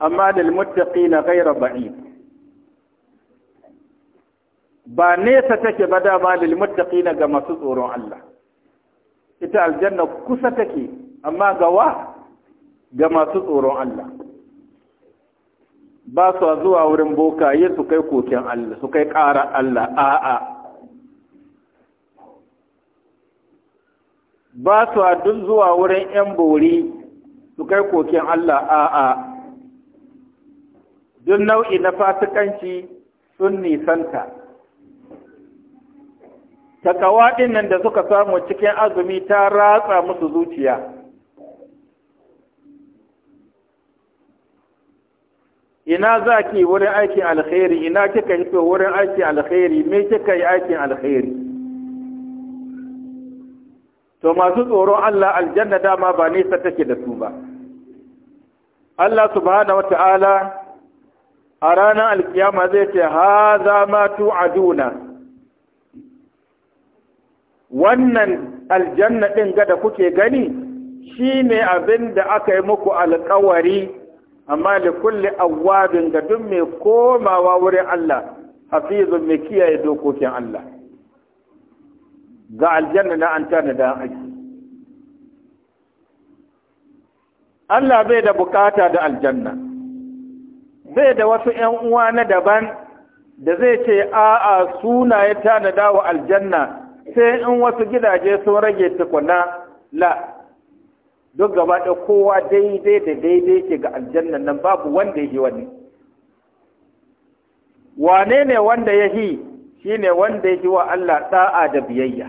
amma lil na ghayra ba'id ba nesa take ba dama lil muttaqina ga masu tsoron Allah ita aljanna kusa take amma ga wa ga masu tsoron Allah ba su zuwa wurin bokaye su kai koken Allah su kai ƙara Allah a'a ba su duk zuwa wurin ‘yan bori su kai koken Allah a'a duk nau'i na fasikanci sun nisanta takawa ɗin nan da suka samu cikin azumi ta ratsa musu zuciya ina za ki wurin aikin alkhairi ina kika hito wurin aikin alkhairi me kika yi aikin alheri? to masu tsoron Allah aljanna dama ba nisa take da su ba Allah subhanahu ta’ala a ranar alkiyama zai ce ha za ma duna wannan aljanna ɗin ga da kuke gani shi ne abin da aka yi muku alkawari amma da kulle awabin ga duk mai komawa wurin Allah hafizun mai kiyaye dokokin Allah ga aljanna na an tana da aiki Allah bai da bukata da aljanna bai da wasu ‘yan uwa na daban da zai ce a'a suna ya tanada aljanna sai in wasu gidaje sun rage tukuna la duk gaba da kowa daidai da daidai ke ga aljannan nan babu wanda ya yi wani wane ne wanda ya yi shi ne wanda yi wa Allah ɗa'a da biyayya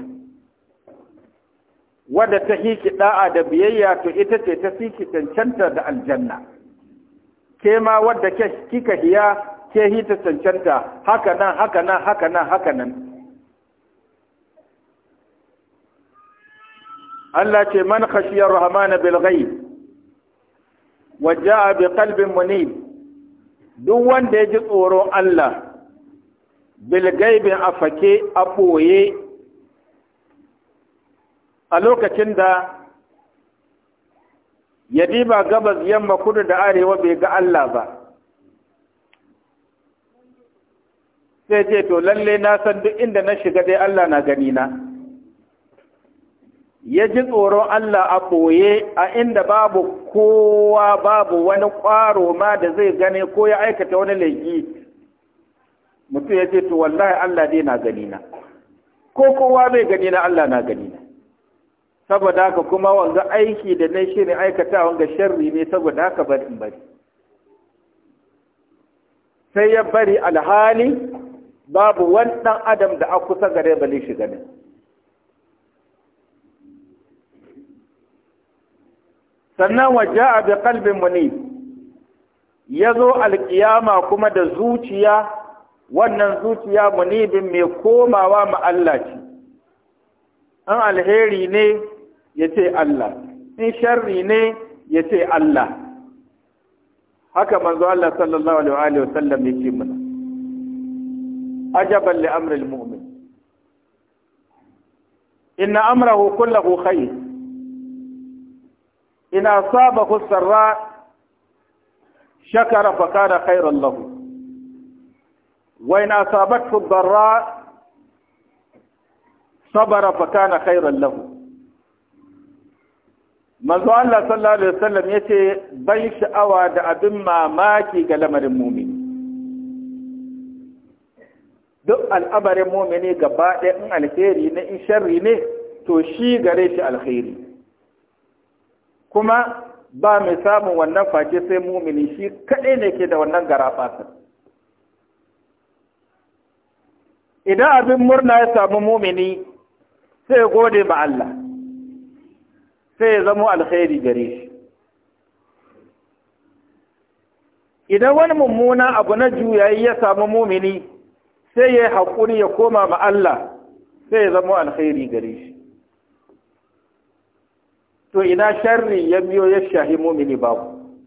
wadda ta hiki ɗa'a da biyayya to ita ce ta fi cancanta da aljanna ke ma wadda kika hiya ke hita cancanta haka nan haka nan haka nan haka nan Allah ce man khashiyar rahmana bil ghaib wa jaa bi qalbin munib duk wanda ya ji tsoron Allah bil ghaibin a fake a boye a lokacin da ya diba gabas yamma kudu da arewa bai ga Allah ba sai je to lalle na san duk inda na shiga dai Allah na gani na ya ji tsoron Allah a ɓoye a inda babu kowa babu wani ƙwaro ma da zai gane ko ya aikata wani laifi mutum ya ce to wallahi Allah dai na gani na ko kowa bai gani na Allah na gani na saboda haka kuma wanga aiki da na ne aikata wanga sharri ne saboda haka bari in bari sai ya bari alhali babu wani adam da a kusa gare bali shi gane sannan waje a bi kalbin muni ya zo alkiyama kuma da zuciya wannan zuciya munibin mai komawa ma Allah ce an alheri ne yace Allah in sharri ne yace Allah haka manzo Allah sallallahu alaihi wa sallam ya ce mana ajaban li amri almu'min inna amrahu kullahu khair in asabahu sarra shakara fa kana khairan lahu wa in asabathu dharra sabara fa kana khairan lahu manzo Allah sallallahu alaihi wasallam yace ban sha'awa da abin mamaki ga lamarin mumini duk al'amarin mumini gaba ɗaya in alheri ne in sharri ne to shi gare shi alheri kuma ba mai samun wannan face sai mumini shi kaɗai ne ke da wannan garaɓasa idan abin murna ya samu mumini sai gode ba Allah sai ya zama alkhairi gare shi idan wani mummuna abu na juya ya samu mumini sai ya yi haƙuri ya koma ma Allah sai ya zama alkhairi gare shi to ina sharri ya biyo ya shahi mumini babu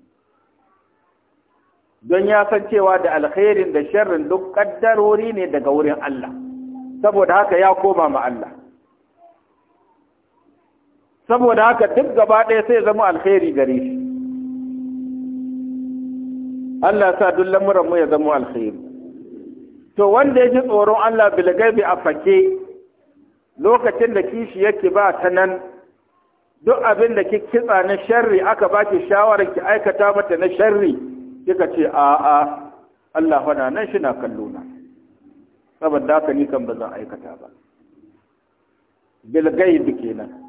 don ya san cewa da alkhairin da sharrin duk ƙaddarori ne daga wurin Allah saboda haka ya koma ma Allah saboda haka duk gaba ɗaya sai zama alheri gare shi Allah sa duk lamuran mu ya zama alheri. to wanda ya ji tsoron Allah bilgaibi a fake lokacin da kishi yake ba ta nan duk abin da ki kitsa na sharri aka baki shawarar ki aikata mata na sharri kika ce a'a Allah fana nan shi na kallo na saboda haka ni kan ba zan aikata ba bil gaibi kenan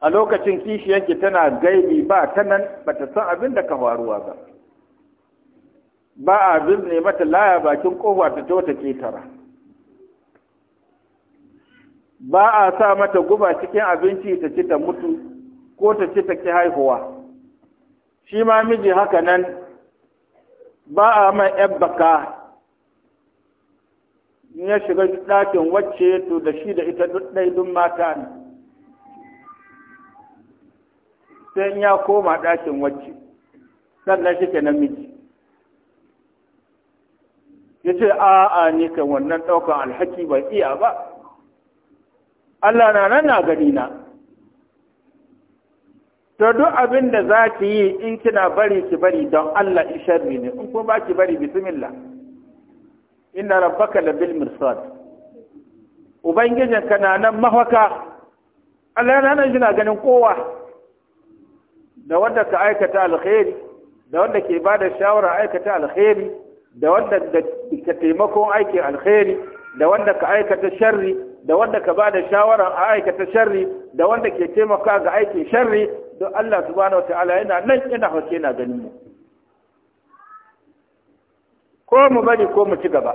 a lokacin kishiyanki tana gaibi ba ta nan ba ta san abin da ka faruwa ba ba a ne mata laya bakin kofa ta to ta ketara ba a sa mata guba cikin abinci ta ci ta mutu ko ta ci ta ki haihuwa shi ma miji haka nan ba a mai yan baka ya shiga ɗakin wacce to da shi da ita duk ɗai mata ne sai ya koma ɗakin wacce sannan shi ke namiji ya ce a'a ne kan wannan ɗaukan alhaki ban iya ba Allah na nan na gani na to duk abin da za ki yi in kina bari ki bari don Allah ishar ne in kuma ba ki bari bismillah inna rabbaka labil mirsad ka na nan mafaka Allah na nan jina ganin kowa da wanda ka aikata alkhairi da wanda ke ba da shawara aikata alkhairi da wanda ka taimakon aikin alkhairi da wanda ka aikata sharri da wanda ka ba da shawara a aikata sharri da wanda ke taimaka ga aikin sharri don Allah subhanahu wataala yana nan yana hauke na ganin mu ko mu bari ko mu ci gaba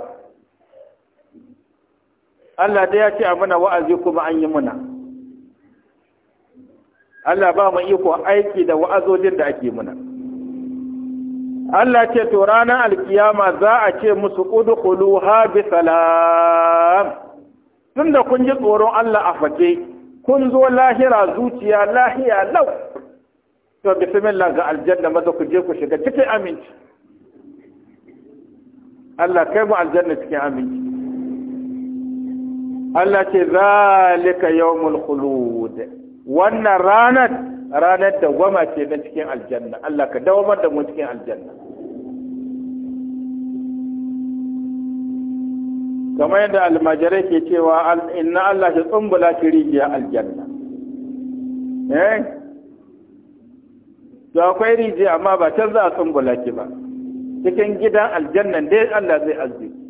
Allah dai ya ce a mana wa'azi kuma an yi muna. Allah ba mu iko aiki da wa'azojin da ake muna Allah ce to ranar alkiyama za a ce musu ha bi salam tunda kun ji tsoron Allah a fake kun zo lahira zuciya lahiya lau to bismillah ga aljanna maza ku je ku shiga cikin aminci Allah kai mu aljanna cikin aminci Allah ce zalika yawmul khulud wannan ranar ranar da gwama ce na cikin aljanna Allah ka dawamar da mu cikin aljanna kamar yadda almajirai ke cewa inna Allah shi tsumbula shi rijiya aljanna eh to akwai rijiya amma ba can za a tsumbula ki ba cikin gidan aljannan dai Allah zai arziki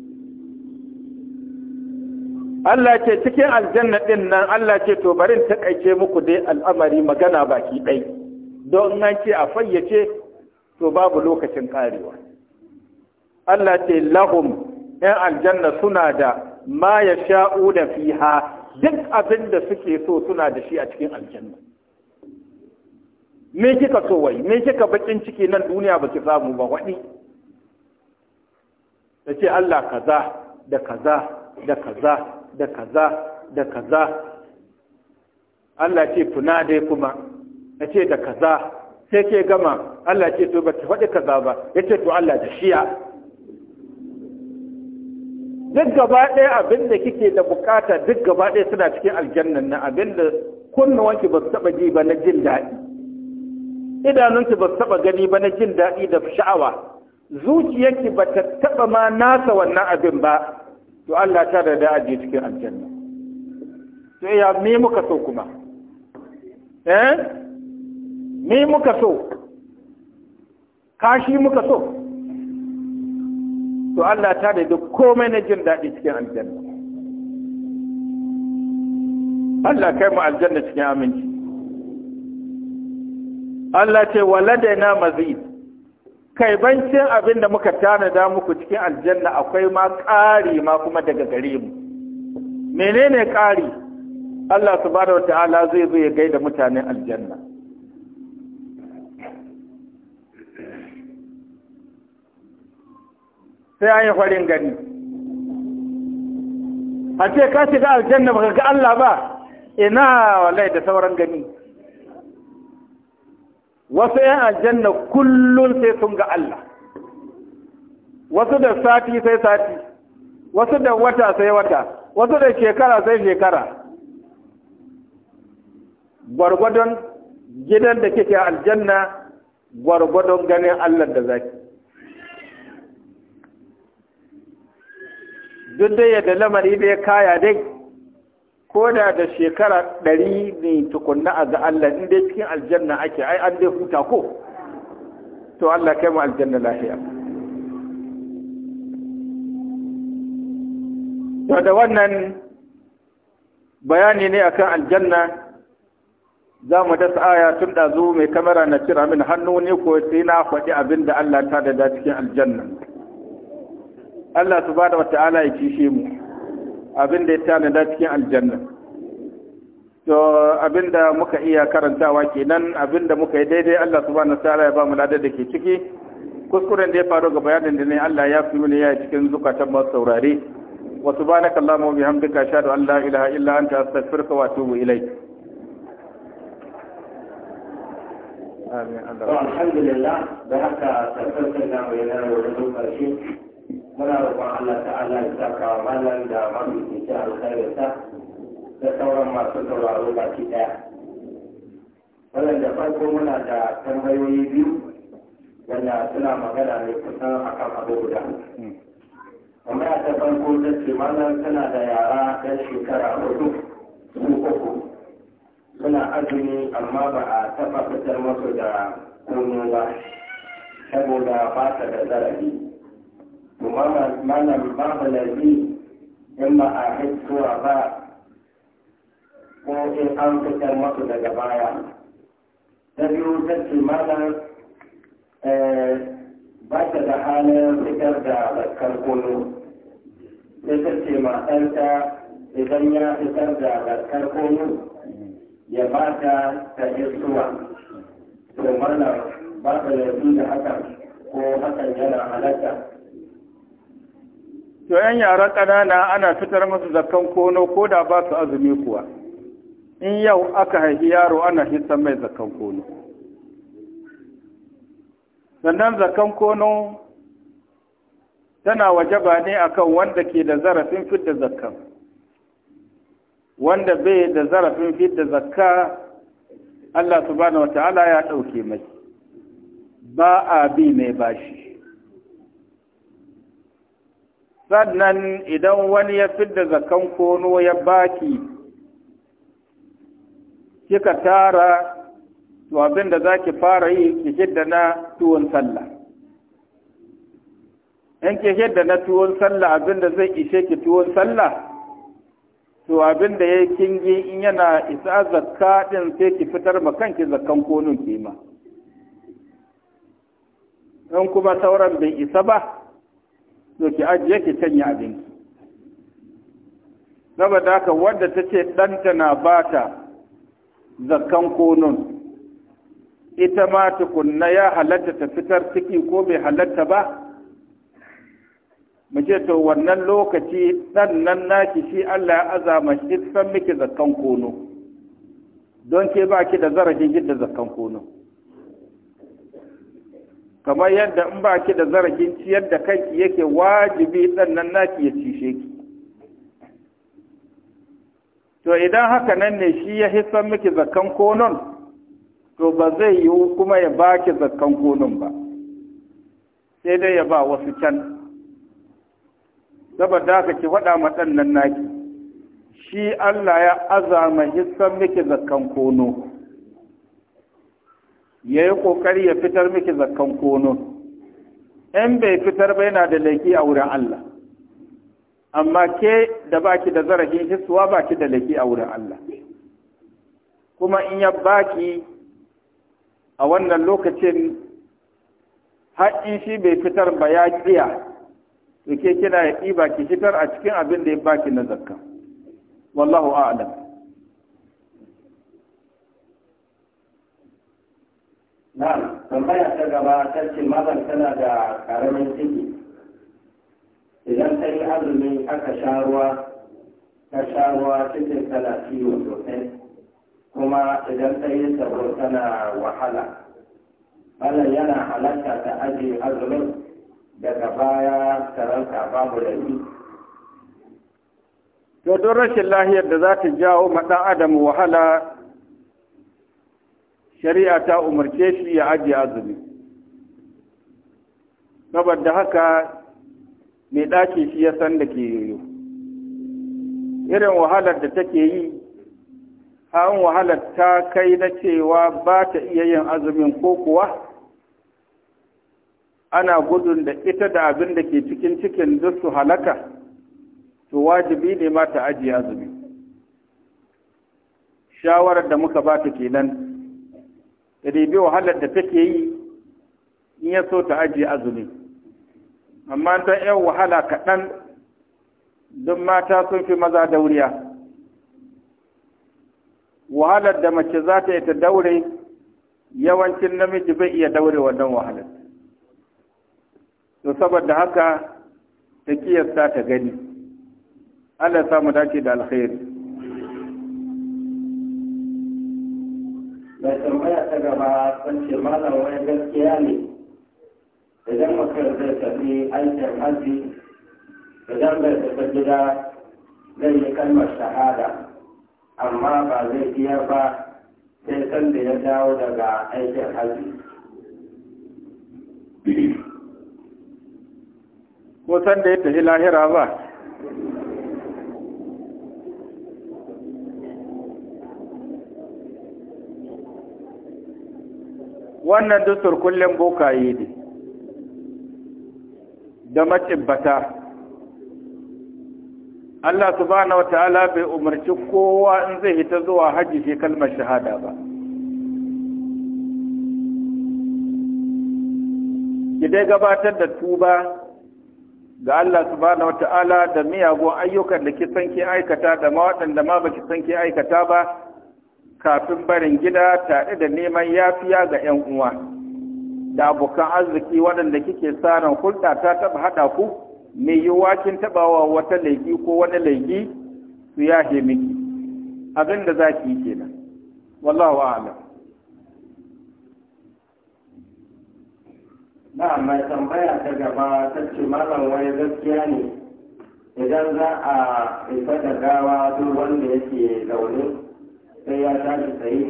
Allah ce cikin aljanna ɗin nan Allah ce to barin takaice muku dai al'amari magana baki ɗai don nan ce a fayyace to babu lokacin karewa Allah ce lahum ‘yan aljanna suna da ma ya sha'u da fiha duk abin da suke so suna da shi a cikin aljanna me kika so wai me kika bakin ciki nan duniya baki samu ba waɗi? ta ce Allah kaza da kaza da kaza da kaza da kaza Allah ce tuna dai kuma ya ce da kaza sai ke gama Allah ce to ba ta faɗi kaza ba ya ce to Allah da shiya duk gaba ɗaya abin da kike da bukata duk gaba ɗaya suna cikin aljannan na abin da kunnuwanki ba su taɓa ji ba na jin daɗi idanunki ba su taɓa gani ba na jin daɗi da sha'awa zuciyarki ba ta taɓa ma nasa wannan abin ba to Allah ta da da aje cikin aljanna to ya me muka so kuma eh me muka so kashi muka so to Allah ta da duk komai na jin daɗi cikin aljanna Allah kai mu aljanna cikin aminci Allah ce waladaina mazid kai bancin abin da muka tanada muku cikin aljanna akwai ma ƙari ma kuma daga gare mu menene ƙari Allah subhanahu wata'ala zai zo ya gaida mutanen aljanna sai an yi farin gani a ce ka shiga aljanna baka ga Allah ba ina wallahi da sauran gani wasu yan aljanna kullum sai sun ga Allah wasu da sati sai sati wasu da wata sai wata wasu da shekara sai shekara gwargwadon gidan da kike aljanna gwargwadon ganin Allah da zaki duk da yadda lamari bai kaya dai ko da da shekara ɗari ne tukunna a ga Allah in dai cikin aljanna ake ai an dai huta ko to Allah kai mu aljanna lafiya to da wannan bayani ne akan aljanna za mu dasa aya tun ɗazu mai kamera na cira min hannu ne ko sai na faɗi abin da Allah ta da cikin aljanna Allah subhanahu wata'ala ya kishe mu abin da ya tanada cikin aljanna to abin da muka iya karantawa kenan abin da muka yi daidai Allah subhanahu ta'ala ya ba mu ladar da ke ciki kuskuren da ya faru ga bayanin da ne Allah ya fi mini ya cikin zukatan masu saurare wa subhanaka allahumma wa bihamdika ashhadu an la ilaha illa anta astaghfiruka wa atubu ilayk amin alhamdulillah da haka tsarkar da bayanan wajen karshe muna roƙon Allah ta'ala ya saka wa malam da mafi kinci alkhairinsa da sauran masu sauraro baki ɗaya. Wannan da farko muna da tambayoyi biyu wanda suna magana ne kusan akan abu guda. Tambaya ta farko ta ce malam tana da yara ɗan shekara hudu su uku suna azumi amma ba a taɓa fitar masu da komai ba saboda ba ta da zarafi. وما معنى البعض الذي إما أحد سوى ba ko in an fitar masu daga baya ta biyu ta ce mana eh, ba ta da halin fitar da zakar kono sai ta ce matanta idan ya fitar da zakar kono ya ba ta ta yi suwa to mana ba ta da hakan ko hakan yana halatta to yan yara ƙanana ana fitar masu zakan kono ko da ba su azumi kuwa in yau aka haifi yaro ana hisan mai zakan kono sannan zakan kono tana wajaba ne akan wanda ke da zarafin fidda zakkan wanda bai da zarafin fidda zakka Allah subhanahu wa ta'ala ya ɗauke mai ba a bi mai bashi sannan idan wani ya fi da zakan kono ya baki kika tara to abin da za ki fara yi ki hidda na tuwon sallah in ki hidda na tuwon sallah abin da zai ishe ki tuwon sallah to abin da ya yi in yana isa zakka din sai ki fitar ma kanki zakan konon kima in kuma sauran bai isa ba to ki ajiye ki canye abinki saboda haka wadda ta ce ɗanta na bata zakan konon ita ma tukunna ya halatta ta fitar ciki ko bai halatta ba mu ce to wannan lokaci ɗan nan naki shi Allah ya azama shi san miki zakan kono don ke ba ki da zarafin yadda zakan kono kamar yadda in ba ki da zarafin ciyar da kanki yake wajibi nan naki ya cishe ki to idan haka nan ne shi ya hisan miki zakkan konon to ba zai yiwu kuma ya baki zakkan konon ba sai dai ya ba wasu can saboda ka ki faɗa ma nan naki shi Allah ya azama hisan miki zakkan konon. ya yi ƙoƙari ya fitar miki zakkan kono in bai fitar ba yana da laifi a wurin Allah amma ke da baki da zarafin hisuwa baki da laifi a wurin Allah kuma in ya baki a wannan lokacin in shi bai fitar ba ya tsiya to ke kina ya ɗiba ki fitar a cikin abin da ya baki na zakka wallahu a'lam na tambaya ta gaba ta ce mazan tana da karamin ciki idan ta yi azumi aka sha ruwa ta sha ruwa cikin tana ciwo sosai kuma idan ta yi sabo tana wahala wannan yana halatta ta ajiye azumin daga baya ta babu da to don rashin lahiyar da za ta jawo ma adamu wahala shari'a ta umarce shi ya ajiye azumi saboda haka mai ɗaki shi ya san da ke yoyo irin wahalar da take yi an wahalar ta kai na cewa ba ta iya yin azumin ko kuwa ana gudun da ita da abin da ke cikin cikin duk su halaka to wajibi ne mata ajiye azumi shawarar da muka ba ta kenan ya biyu wahalar da take yi in ya so ta ajiye azumi amma ta yan wahala kaɗan don mata sun fi maza dauriya wahalar da mace za ta yi ta daure yawancin namiji bai iya daure wannan wahalar to saboda haka ta kiyasta ta gani Allah samu dace da alkhairi ba san ce mana wani gaskiya ne idan mutum zai tafi aikin haji idan bai tafi gida zai yi kalmar shahada amma ba zai iya ba sai san da ya dawo daga aikin haji ko san da ya tafi lahira ba wannan dusur kullum bokaye ne da macibbata Allah subhanahu wata'ala bai umarci kowa in zai hita zuwa hajji shi kalmar shahada ba ki dai gabatar da tuba ga Allah subhanahu wata'ala da miyagun ayyukan da ki san aikata da ma ma baki san ki aikata ba kafin barin gida tare da neman yafiya ga 'yan uwa da abokan arziki waɗanda kike sa ran hulɗa ta taɓa haɗa ku mai yiwuwa kin taɓa wa wata laifi ko wani laifi su yahe miki abin da za ki yi kenan wallahu a'lam na mai tambaya ta gaba ta ce malam wai gaskiya ne idan za a isa da gawa duk wanda yake zaune sai ya tashi tsaye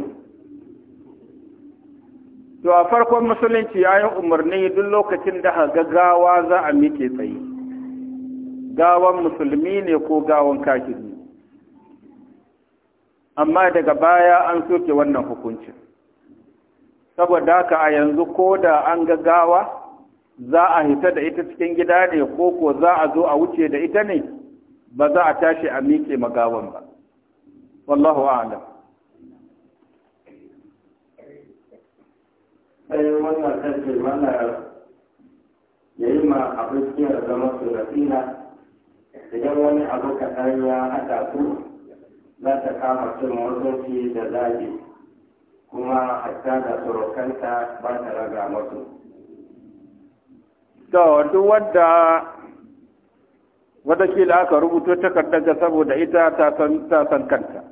to a farkon musulunci ya yi umarni duk lokacin da gawa za a mike tsaye gawan musulmi ne ko gawan kafiri amma daga baya an soke wannan hukuncin saboda haka a yanzu ko da an ga gawa, za a hita da ita cikin gida ne ko ko za a zo a wuce da ita ne ba za a tashi a miƙe magawan ba wallahu a'lam sai wannan kace mana ya yi ma abokiyar zama su nasina idan wani abu kaɗan ya haɗa ku za ta kama cin mutunci da zagi kuma hatta da surukanta ba ta raga masu. To, duk wadda watakila aka rubuto takardar saboda ita ta san kanta.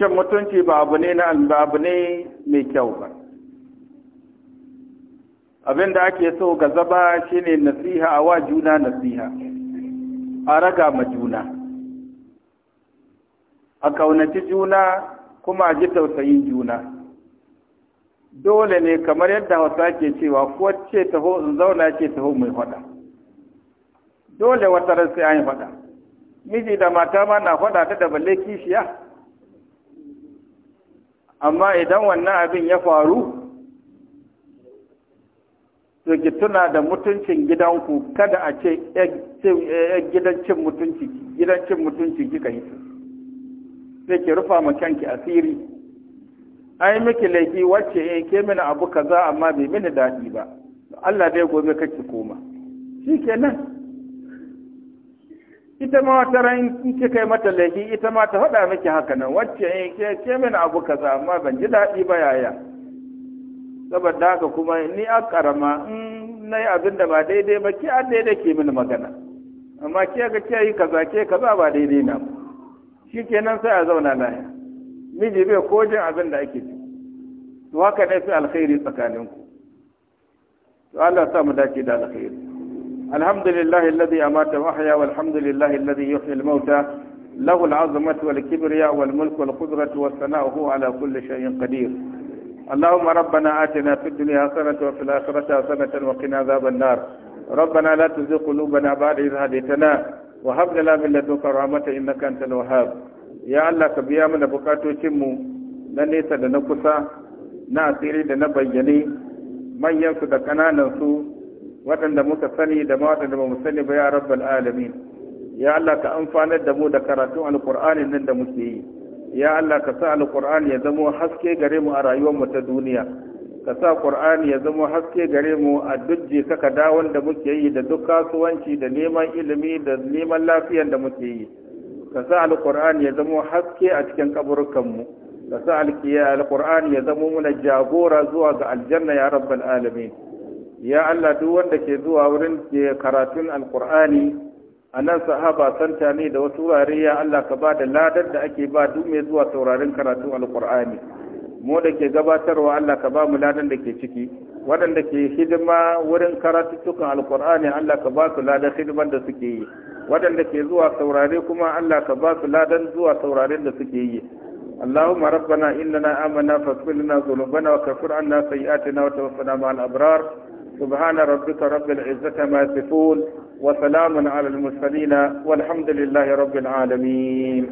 cin mutunci ba abu ne na ba ne mai kyau ba abin da ake so ga zaba shine nasiha a wa juna nasiha a raga ma juna a kaunaci juna kuma a ji tausayin juna dole ne kamar yadda hausa ke cewa ko ce taho in zauna ce taho mai faɗa dole wata ran sai an yi faɗa miji da mata ma na faɗa ta da balle kishiya amma idan wannan abin ya faru to ki tuna da mutuncin gidanku kada a ce gidancin mutunci gidancin mutunci kika yi sai ki rufa ma kanki asiri ai miki laifi wacce eh ke mini abu kaza amma bai mini dadi ba Allah dai gobe kake koma shikenan ita ma wata ran in kika yi mata laifi ita ma ta faɗa miki haka nan wacce in eh, ke ke min abu kaza amma ban ji daɗi ba yaya saboda haka kuma ni a karama in na yi abin da ba daidai ba ke an daidai ke mini magana amma ke ga ke yi kaza ke kaza ba daidai na shi kenan sai a zauna lahiya miji bai ko jin abin da ake ciki to haka ne fi alkhairi tsakaninku to Allah sa mu dace da alkhairi الحمد لله الذي أمات وأحيا والحمد لله الذي يحيي الموتى له العظمة والكبرياء والملك والقدرة والثناء هو على كل شيء قدير اللهم ربنا آتنا في الدنيا حسنة وفي الآخرة حسنة وقنا عذاب النار ربنا لا تزغ قلوبنا بعد إذ هديتنا وهب لنا من لدنك رحمة إنك أنت الوهاب يا الله كبيا من بكاتوتين mu na nesa da na kusa na asiri da na bayyane manyan su da kananan su waɗanda muka sani da ma waɗanda ba mu sani ba ya rabbal alamin ya Allah ka amfanar da mu da karatun Alƙur'ani nan da muke yi ya Allah ka sa alƙur'ani ya zama haske gare mu a rayuwar mu ta duniya ka sa ƙur'ani ya zama haske gare mu a duk jeka ka dawon da muke yi da duk kasuwanci da neman ilimi da neman lafiyar da muke yi ka sa alƙur'ani ya zama haske a cikin kaburukan mu ka sa alƙur'ani ya zama mana jagora zuwa ga aljanna ya rabbal alamin ya Allah duk wanda ke zuwa wurin ke karatun alkur'ani a nan sahaba santa ne da wasu wurare ya Allah ka ba da ladar da ake ba duk mai zuwa sauraron karatun alkur'ani mu da ke gabatarwa Allah ka ba mu ladan da ke ciki waɗanda ke hidima wurin karatuttukan alkur'ani Allah ka ba su ladan hidiman da suke yi waɗanda ke zuwa saurare kuma Allah ka ba su ladan zuwa sauraren da suke yi اللهم ربنا إننا آمنا فاغفر لنا ذنوبنا وكفر عنا سيئاتنا وتوفنا مع الأبرار سبحان ربك رب العزة ما يصفون وسلام على المرسلين والحمد لله رب العالمين